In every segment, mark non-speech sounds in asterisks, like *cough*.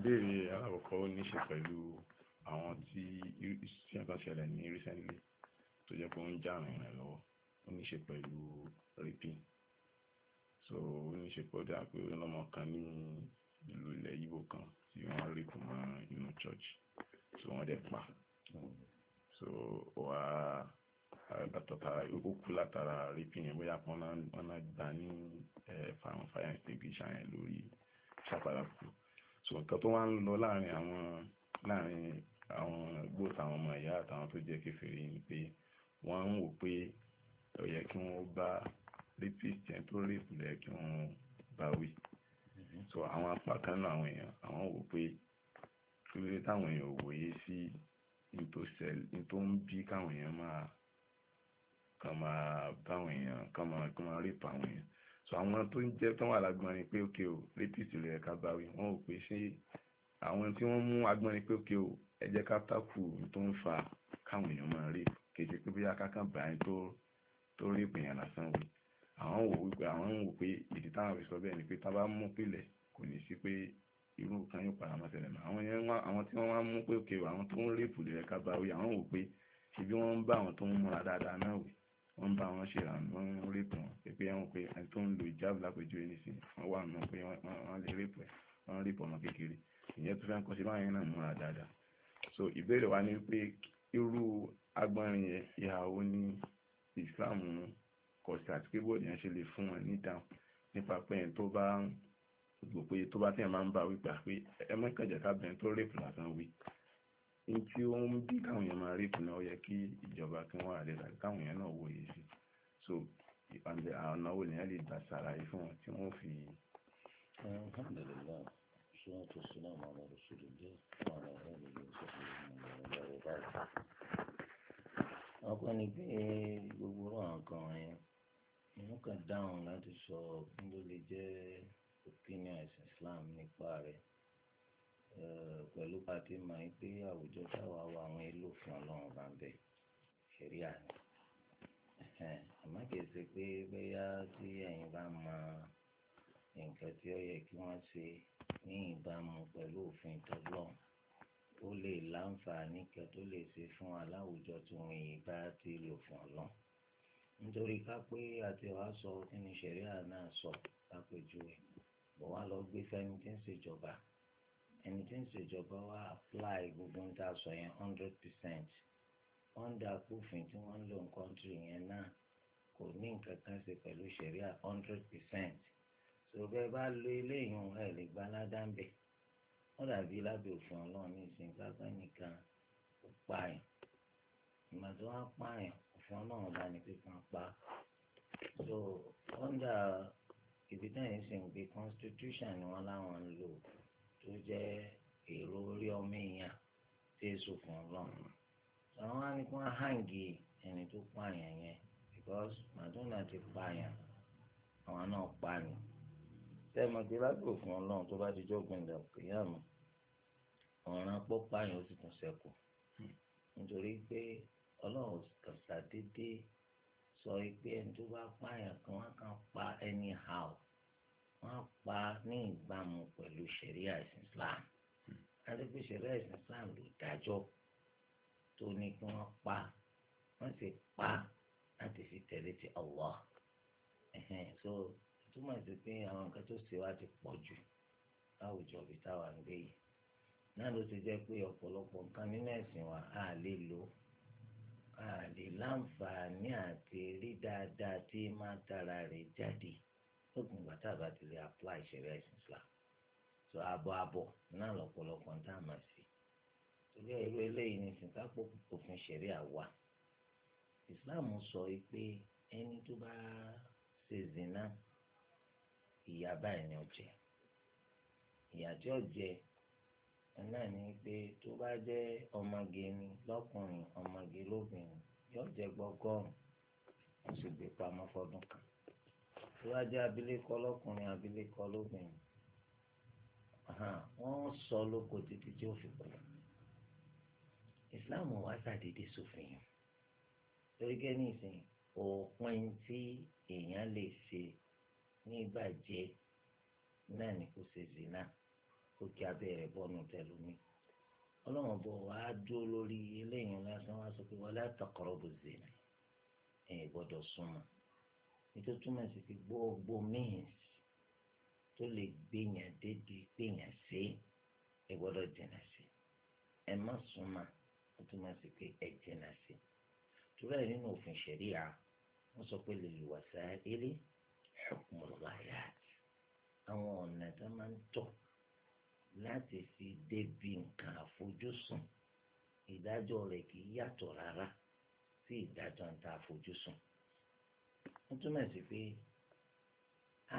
ìbéèrè alákọ̀ọ́kọ́ ní ṣe pẹ̀lú àwọn tí ìṣẹ́ kan ṣẹlẹ̀ ní recently tó jẹ́ pé ó ń jà àwọn èèyàn lọ́wọ́ ó ní ṣe pẹ̀lú raping so ó ní ṣe pẹ̀lú pé ọlọ́mọ kan ní ìlú ilẹ̀ Ìgbò kan tí wọ́n rape mọ́ inú church so wọ́n dẹ̀ pa so wà látọ̀tara ó kú látara raping yẹn bóyá pọ́n náà gbà ní fáwọn eh, fire extinguisher yẹn lórí ṣàpàdà kù so nǹkan tó wá ń lọ láàrin àwọn láàrin àwọn gbóòtù àwọn ọmọ ìyá àtàwọn tó jẹ́ kèfèrí ni pé wọ́n ń wò pé ó yẹ kí wọ́n bá rapist yẹn tó rape lẹ́ kí wọ́n bá wí mm-hmm. so àwọn apá kan náà àwọn èèyàn àwọn wò pé kí ló dé táwọn èèyàn wòye sí ní tó ń bí káwọn èèyàn máa kàn máa báwọn èèyàn kàn máa rí àwọn èèyàn so àwọn tó ń jẹ́ tó wà lágbọ́nrin pé òkè o rapist lè ẹ̀ka báwí wọn ò pé ṣé àwọn tí wọ́n mú agbọ́nrin pé òkè o ẹ jẹ́ ká tákù tó ń fa káwọn èèyàn máa rí kejì pé bí akákan bàáyín tó tó rí ìpènyàn lásán wò àwọn wò wípé àwọn ń wò pé ìdí táwọn fi sọ bẹ́ẹ̀ ni pé tá bá mú pilẹ̀ kò ní sí pé irú kan yóò padà máa ṣẹlẹ̀ mọ́ àwọn yẹn àwọn tí wọ́n wá mú pé òkè o àwọn tó ń rí ìpùlẹ̀ ẹ̀ka báwí àwọn wò pé ṣe bí wọ́n ń bá àwọn tó ń múra dáadáa náà wò wọ́n bá wọn ṣe ràn wọ́n rèpù wọn pé wọ́n pé ẹni tó ń lo ìjáàbù lápèjúwe nìsín wọ́n wà nù pé wọ́n lè rèpù ẹ̀ wọ́n rèpù ọmọ kékeré ìyẹn tó fẹ́ ń kọ́ sí báyẹn náà múra dáadáa so ìbéèrè wa ni pé irú agbọ́nrin yẹn ìhàwó ní Islam kọ̀ sí àti pé bóyá yẹn ṣe lè fún wọn níta nípa pé ẹni tó bá gbò pé tó bá tẹ̀ máa ń bá wípé ah, ẹ mọ́kànjẹ́ kábẹ̀ẹ́ tó rèpù lásán wí ní tí ó ń bí káwọn èèyàn máa rí ìpínlẹ̀ ó yẹ kí ìjọba kí wọ́n àrẹ tàbí káwọn èèyàn náà wòye sí so ọ̀nà wo nìyẹn lè gbà sàlàyé fún wọn tí wọ́n fi. alhamdulilayi ṣùgbọ́n tó ṣe náà máa lọ sí ìdílé fún àwọn ọ̀rẹ́ mi ní ìṣẹ́jú ìmọ̀ ìlú báyìí. ọkọ ni pé gbogbo àwọn kan yẹn ìlú kan dáhùn láti sọ bí ló lè jẹ́ opinion Islam nípa rẹ̀. Eh, pẹ̀lú pàtí máa ń pé àwùjọ táwa wa àwọn èlò fún ọlọ́run bá ń bẹ̀ ṣẹ̀ríà ni àmọ́ kìí ṣe pé bóyá tí ẹ̀yin bá mọ nǹkan tí ó yẹ kí wọ́n ṣe ní ìbámu pẹ̀lú òfin tọ́lọ́run ó lè láǹfààní kan tó lè ṣe fún aláwùjọ tó ń yìn bá ti lò fún ọlọ́run nítorí ká pé àti wàá sọ kí ni ṣẹ̀ríà náà sọ lápèjúwe bọ̀ wá lọ gbé fẹ́ni tí ń ṣèjọba ẹni tí ń ṣèjọba wa apply gbogbo ń ta sọ yẹn hundred percent under kófin tí wọ́n ń lò ní kọ́ńtírì yẹn náà kò ní nǹkan kan ṣe pẹ̀lú ṣẹ̀ríà hundred percent ṣògbẹ́ bá lo eléyìí ẹ̀ lè gba aládàmbẹ̀ wọ́n dàbí lábẹ́ òfin ọlọ́run ní ìsìn kápẹ́ nìkan ó pààyàn ìgbà tó wá pààyàn òfin ọlọ́run bá ní pípa pa so under ibi táyà ń sìn gbé constitution ni wọ́n láwọn ń lò tó jẹ́ èrò orí ọmọ èèyàn tí so fún ọlọ́run àwọn wá ní ẹni tó pààyàn yẹn because madonna ti pààyàn àwọn náà pààyàn tẹ́ẹ̀mọ̀tì lágbègbè fún ọlọ́run tó bá ti jọ́gbìn ìdàgbò kìyàmù ọ̀ràn pààyàn ó sì tún nítorí pé kàṣà sọ pé ẹni tó bá pààyàn kan pa anyhow wọ́n pa ní ìbámu pẹ̀lú ṣẹ̀ríà ẹ̀sìn Islam láti hmm. pé ṣẹ̀ríà Islam ló dájọ́ tó ní kí wọ́n pa wọ́n sì pa láti fi tẹ̀lé ti Allah so túmọ̀ sí pé àwọn nǹkan tó ṣe wá ti pọ̀ jù láwùjọ bí táwa ń gbé yìí náà ló ti jẹ́ pé ọ̀pọ̀lọpọ̀ nǹkan nínú ẹ̀sìn wa á lè lò á lè láǹfààní àti rí dáadáa tí máa tara rẹ̀ jáde lókun ìgbà tá a bá ti lè apply ìṣẹ̀lẹ̀ ẹ̀sìn Islam so abọ́ abọ́ náà lọ́pọ̀lọpọ̀ tá a máa sí torí ẹ̀rọ eléyìí ní sìnkápò òfin ṣẹ̀ríà wà Islam sọ pé ẹni tó bá ṣe zina ìyá báyìí ni ó jẹ ìyá tí ó jẹ náà ni pé tó bá jẹ́ ọmọge ni lọ́kùnrin ọmọge lóbìnrin yóò jẹ gbọgọrùn ó sì gbé pamọ́ fọ́dún kan tó bá jẹ́ abilékọ lọ́kùnrin abilékọ lóbìnrin wọ́n sọ lóko títí tí ó fi kú ìsìláàmù wa ṣàdédé sófin yẹn torí gẹ́ ní ìsìn òpin tí èèyàn lè ṣe nígbàjẹ́ náà ni kò ṣe zina kó kí abẹ́rẹ́ bọ́nu tẹlómi ọlọ́run bọ̀ wá dúró lórí eléyìí lásán wá sọ pé wala taqrabu zina ẹ̀ gbọ́dọ̀ súnmọ́ ètò túmọ̀ sí pé gbogbo means tó lè gbéyàn dédé gbéyàn sí ẹ gbọ́dọ̀ jìnnà sí ẹ má súnmọ́ ó túmọ̀ sí pé ẹ jìnnà sí tura ẹ nínú òfin ṣẹ̀ríà wọ́n sọ pé lè lùwà sáà délé hukmul ghayat àwọn ọ̀nà tó máa ń tọ̀ láti fi débi nǹkan àfojúsùn ìdájọ́ rẹ̀ kì í yàtọ̀ rárá sí ìdájọ́ nǹkan àfojúsùn ó túmọ̀ sí pé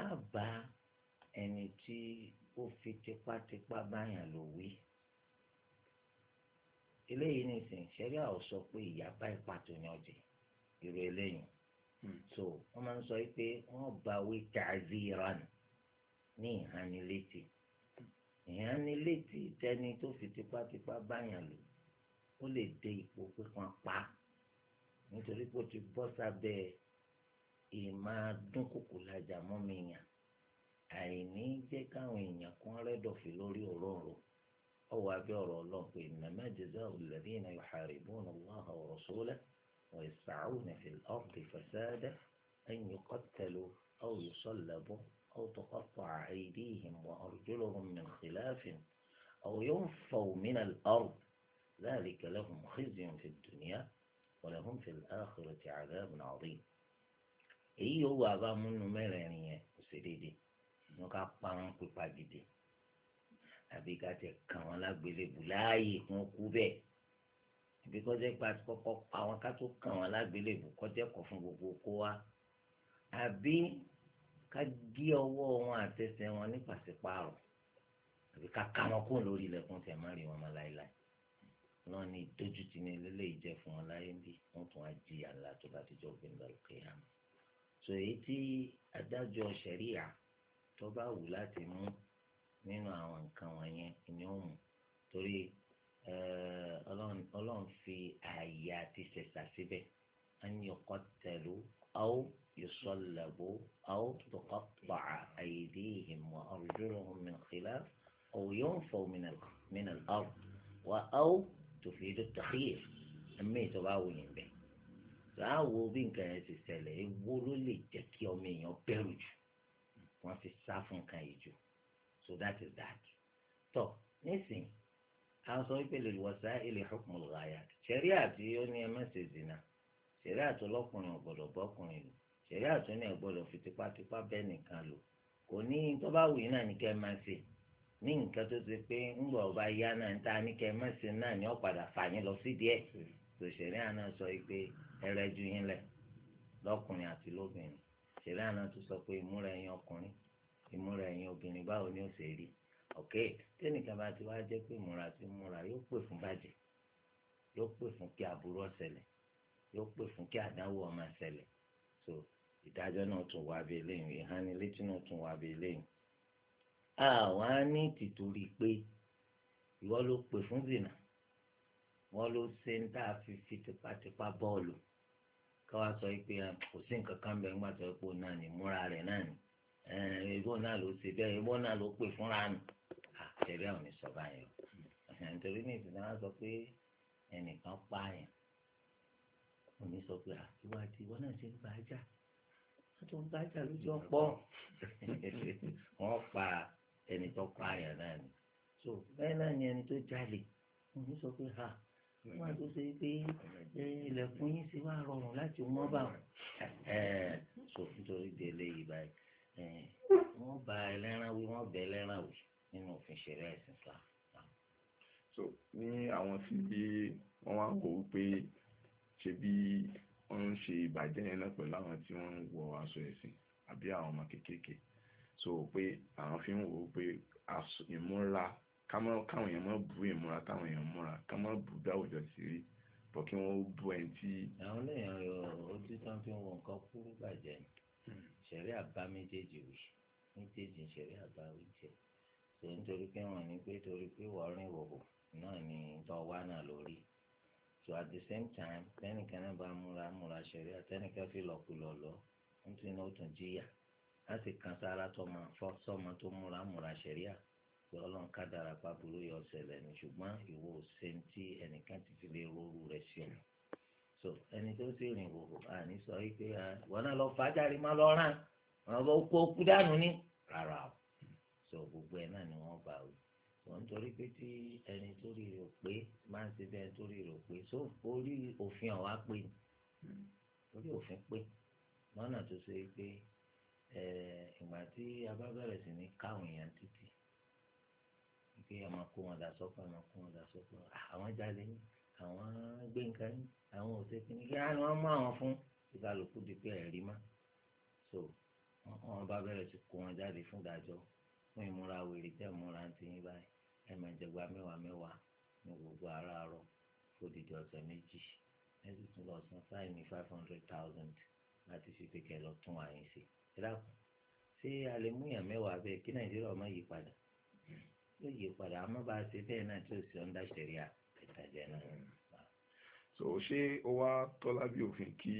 a bá ẹni tí ó fi tipátipá báyàn lò wí eléyìí ní ìsìn ṣẹ́rí àwọn sọ pé ìyá ipa tó yan jẹ irú eléyìí hmm. so wọ́n máa ń sọ pé wọ́n bá wí tààzí iran ní ìhánilétí ìhánilétí tẹni tó fi tipátipá báyàn lò ó lè dé ipò pípa pa nítorí pé ó ti bọ́ sábẹ́ ìmọ̀ adúnkòkò lajà mọ́ mi yàn àìní jẹ́ káwọn èèyàn kún rẹ́dọ̀fì lórí ọ̀rọ̀ ọ̀rọ̀ ọwọ́ abẹ́ ọ̀rọ̀ ọlọ́run ìmọ̀ innama jaza'u alladhina yuharibuna Allaha wa rasulahu wa yas'awna fil ardi fasadan an yuqattalu aw yusallabu aw tuqatta'a aydihim wa arjuluhum min khilafin aw yunfaw min al-ard dhalika èyí yóò wà bá múnú mẹ́rẹ̀ẹ̀rin yẹn kò sí dédé wọn ká pa wọn pípa gidi àbí ká tẹ kàn wọn lágbélébù láàyè kí wọn kú bẹ́ẹ̀ àbí kọjá ipa kọ́kọ́ pa wọn ká tó kàn wọn lágbélébù kọjá kọ fún gbogbo kó wa àbí ká gé ọwọ́ wọn àtẹsẹ̀ wọn ní pàṣípààrọ̀ àbí ká ká wọn kó lórí ilẹ̀kùn tẹ̀ má rí wọn mọ́ láéláé náà ní ìdójútì ní eléyìí jẹ́ fún wọn láyé bí wọ́n tún á jìyà ńlá tó bá ti jọ gbẹ̀ndọ̀ lókè yàrá. sọ èyí tí adájọ́ ṣẹ̀ríà tó bá wù láti mú nínú àwọn nǹkan wọ̀nyẹn ni ó mú torí ọlọ́run fi ààyè àti ṣẹ̀ṣà síbẹ̀ an yuqattalu aw yusallabu aw tuqatta'a aydihim wa arjuluhum min khilaf aw yunfaw min al-ard wa aw tufidu at-takhyir ẹ̀mí tó bá wù yín bẹ́ẹ̀. ráàwọ̀ bí nǹkan yẹn ti ṣẹlẹ̀ ewu ló lè jẹ́ kí ọmọ èèyàn bẹ̀rù jù wọ́n ti sá fún nǹkan yìí jù so that is that tọ́ nísìnyí a sọ wípé lè wọ́sá ilé hukmul ghayat ṣẹ̀rí àti ó ní ẹ má ṣe zina ṣẹ̀rí àti ọlọ́kùnrin ọ̀gbọ̀dọ̀ bọ́kùnrin lò ṣẹ̀rí àti ó ní ẹ̀gbọ́dọ̀ fi tipátipá bẹ́ẹ̀ nìkan lò kò ní tó bá wù yín náà ní kẹ́ ẹ máa ṣe ní nǹkan tó ju yín lẹ lọkùnrin àti lóbìnrin sere àná tó sọ pé ìmúra ẹyin ọkùnrin ìmúra ẹyin obìnrin báwo ni ó ṣe rí ọ̀kẹ́ tẹ́nìkan bá ti wá pé ìmúra ti múra yóò pè fún bàjẹ́ yóò pè fún kí aburú ọsẹlẹ yóò pè fún kí àdánwò ó máa so ìdájọ́ náà tún wá bí eléyìí ìhánilétí náà tún wá bí eléyìí. pe ní pé ìwọ ló pè fún zina káwá sọ pé kò sí nǹkan kan bẹ́ẹ̀ ńgbà tó pò náà ní múra rẹ̀ náà ní ìbọn náà ló ṣe bẹ́ẹ̀ ìbọn náà ló pè fúnra nù àtẹ̀rẹ́ ò ní sọ báyìí o nítorí ní ìsìn náà sọ pé ẹnìkan pààyàn ò ní sọ pé àtiwájú ìwọ náà ṣe ń gbàjà wọ́n tó ń gbàjà lójú ọ̀pọ̀ *laughs* wọ́n pa ẹni tó pààyàn náà ni so bẹ́ẹ̀ náà ni ẹni tó jalè ò ní sọ pé ha wọn àti ṣe pé ilẹ̀kùn yín sì wá rọrùn láti mọ́ bá wọn. sọ nítorí di eléyìí báyìí wọ́n bá ẹlẹ́ran wí wọ́n bẹ ẹlẹ́ran wí nínú òfin ṣẹlẹ̀ ẹ̀sìn Islam. so ní àwọn tí wọ́n wá wò ó pé ṣe bí wọ́n ń ṣe ìbàjẹ́ yẹn náà pẹ̀lú àwọn tí wọ́n ń wọ aṣọ ẹ̀sìn àbí àwọn ọmọ kéékèèké so pé àwọn fi ń wò ó pé ìmúra káwọn èèyàn má bú ìmúra táwọn èèyàn múra ká má bú bí àwùjọ ti rí bọ̀ kí wọ́n bú ẹni tí. àwọn lèèyàn rẹ ó ti tán fi wọn nǹkan kúrú bàjẹ́ hmm. ṣẹ̀rí àbá méjèèjì wì méjèèjì ṣẹ̀rí àbá wì jẹ́ ṣe nítorí pé wọ́n ní pé torí pé wọ́ọ́rìn wòwò náà ni tọ́wá náà lórí so at the same time tẹ́nìkan náà bá múra múra ṣẹ̀rí àtẹ́nìkan fi lọ́kùlọ̀ lọ nítorí náà ó tún jíyà láti kan sára tọmọ pé ọlọ́run ká dára pàbùrú yọ ọ̀sẹ̀lẹ̀ ni ṣùgbọ́n ìwọ òsèǹ tí ẹnìkan ti fi lè rọrù rẹ̀ sí ọ̀nà. so ẹni tó sì rìn wòwò àní sọ wípé wọn náà lọ fàájàre má lọ rán àwọn ọba okú okú dànù ní rárá o so gbogbo ẹ náà ni wọn bá o wọn nítorí pé tí ẹni tó rí rò pé máa ń ṣe bẹ́ẹ̀ tó rí rò pé so orí òfin ọ̀wá pé orí òfin pé lọ́nà tó ṣe pé ìgbà tí a bá bẹ̀rẹ̀ sí ní káwọn èèyàn títí pé ẹ máa kó wọn dà sọ́kọ̀ ẹ máa kó wọn dà sọ́kọ̀ àwọn jalè ní àwọn gbé nǹkan ní àwọn òṣè kìíní kí wọ́n mú àwọn fún ìkàlùkù di pé ẹ̀rí má so wọ́n bá bẹ̀rẹ̀ sí kó wọn jáde fún ìdájọ́ fún ìmúra wèrè tẹ́ ìmúra ti yín báyìí ẹ máa jẹgba mẹ́wàá mẹ́wàá ní gbogbo aráàárọ̀ fòdìdì ọ̀sẹ̀ méjì ẹ sì tún lọ san fáìní five hundred thousand láti fi pé kẹ́ lọ tún àyìn sí ẹ dákun ṣé a lè mú yàn mẹ́wàá bẹ́ẹ̀ kí nàìjíríà ọmọ yìí yóò yí padà àmọ́ bá a ṣe bẹ́ẹ̀ náà tí ó sì ọ́ndà ṣẹ̀ríà ìtajà náà. so ṣé ó wá tọ́lá bí òfin kí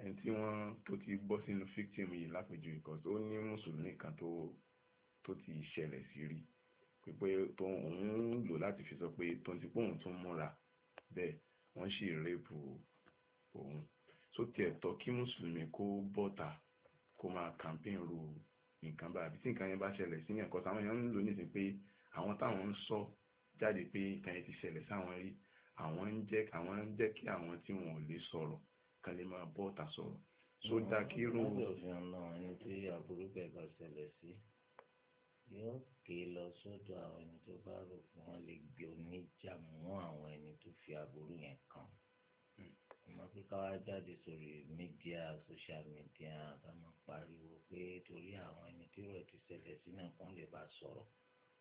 ẹni tí wọ́n tó ti bọ́ sínú victim yìí lápèjú because ó ní mùsùlùmí kan tó tó ti ṣẹlẹ̀ sí rí pípé tó òun ń lò láti fi sọ pé tó ti pòun tún múra bẹ́ẹ̀ wọ́n sì rẹ́pù òun tó tiẹ̀ tọ́ kí mùsùlùmí kó bọ́ta kó máa campaign ru nǹkan bá àbí tí nǹkan yẹn bá ṣẹlẹ̀ sí yẹn kọ́ta àwọn èèyàn ń lò nísìnyí pé àwọn táwọn ń sọ jáde pé nǹkan yẹn ti ṣẹlẹ̀ sáwọn rí àwọn ń jẹ́ àwọn ń jẹ́ kí àwọn tí wọn ò lè sọ̀rọ̀ kan lè máa bọ́ ọ̀tà sọ̀rọ̀ tó dá kí irú. lábẹ́ òfin ọ̀nà ẹni tí aburú bẹ́ẹ̀ bá ṣẹlẹ̀ sí yóò ké lọ sọ́dọ̀ àwọn ẹni tó bá rò fún wọn lè gbé oníjà mú àwọn ẹni tó fi aburú yẹn kàn ọmọ kíkà wá jáde sórí mídíà social media ká máa pariwo pé torí àwọn ẹni tí rẹ̀ ti ṣẹlẹ̀ sí náà kàn lè bá sọ̀rọ̀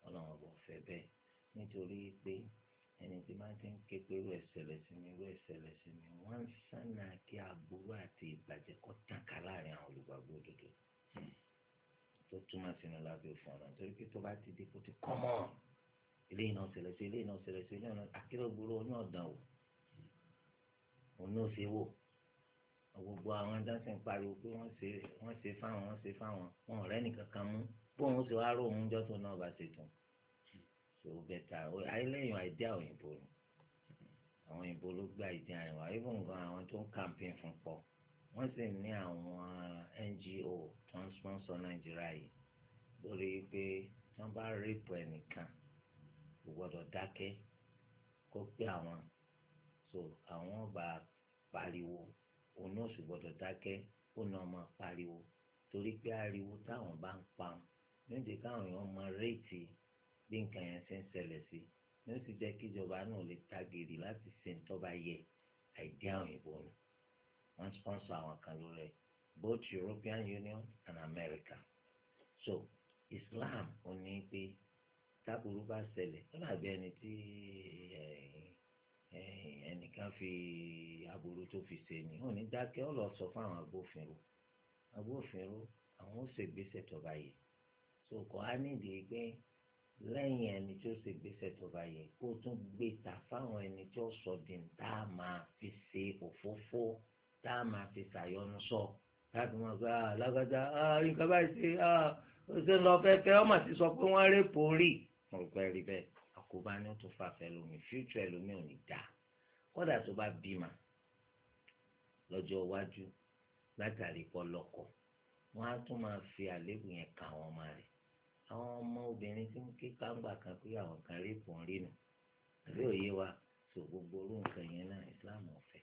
ọlọ́run ọ̀bọ̀ fẹ́ bẹ́ẹ̀ nítorí pé ẹni tí máa ti ń ké pé irú ẹ̀ṣẹ̀lẹ̀ sí mi irú ẹ̀ṣẹ̀lẹ̀ sí mi wọ́n ń sànà kí aburú àti ìbàjẹ́ kó tàn ká láàrin àwọn olùgbàgbọ́ òdodo tó túmọ̀ sínú lábẹ́ òfin ọ̀nà torí pé tó bá ti di kó ti kọ́mọ̀ eléyìí náà ṣẹlẹ̀ sí eléyìí náà ṣẹlẹ̀ sí eléyìí náà akérò gbúrò oní ọ̀dàn wò òun náà ṣe gbogbo àwọn dáńsẹ̀ ń pariwo pé wọ́n ṣe wọ́n ṣe fáwọn wọ́n ṣe fáwọn wọn ọ̀rẹ́ nìkan kan mú bóun ṣe wá rò ń jọ́ tó náà bá ṣe tán so bẹ́tà ayélujára àìdí àwọn òyìnbó ni àwọn òyìnbó ló gba ìdí àyẹ̀wò àyẹ̀wò gan àwọn tó ń kàmpín fún pọ̀ wọ́n sì ní àwọn NGO tó ń sponsor Nàìjíríà yìí lórí pé wọ́n bá rèpù ẹnìkan kò gbọ́dọ̀ dákẹ́ kó pé àwọn so àwọn bá pariwo òun náà sì gbọ́dọ̀ dákẹ́ kó náà máa pariwo torí pé ariwo táwọn bá ń pa ní jẹ́ káwọn èèyàn máa réètì bí nǹkan yẹn ṣe ń ṣẹlẹ̀ sí ní ó sì jẹ́ kíjọba náà lè tagìrì láti ṣe ń tọ́ba yẹ àìdí àwọn ìbò ni wọ́n sponsor àwọn kan lórí both European Union and America so Islam ò ní pé tábùrú bá ṣẹlẹ̀ ó dàbí ẹni tí ẹnìkan fi aburú tó fi ṣe ni wọn ní dákẹ́ ọ lọ sọ fáwọn agbófinró agbófinró àwọn ó ṣègbésẹ̀ tó bá yẹ so kò á nídìí pé lẹ́yìn ẹni tó ṣègbésẹ̀ tó bá yẹ kó tún gbé ta fáwọn ẹni tó sọ di tá a máa fi ṣe òfófó tá a máa fi ṣàyọnu sọ láti mọ̀ pé alágbádá nǹkan báyìí ṣe ó ṣe ń lọ fẹ́fẹ́ ọmọ ti sọ pé wọ́n rèpò rí mo rò rí bẹ́ẹ̀ àkóbá ní tó fà fẹ́ lómi future ẹlòmí ò ní dáa kódà tó bá bímọ lọ́jọ́ iwájú látàrí pọlọkọ wọn á tún máa fi àléébù yẹn ka àwọn ọmọ rẹ̀ àwọn ọmọ obìnrin tí ń ké kángbà kan pé àwọn kan rèébù ń rí nù àbí òye wa sọ gbogbo orú yẹn náà Islam ọ̀fẹ́.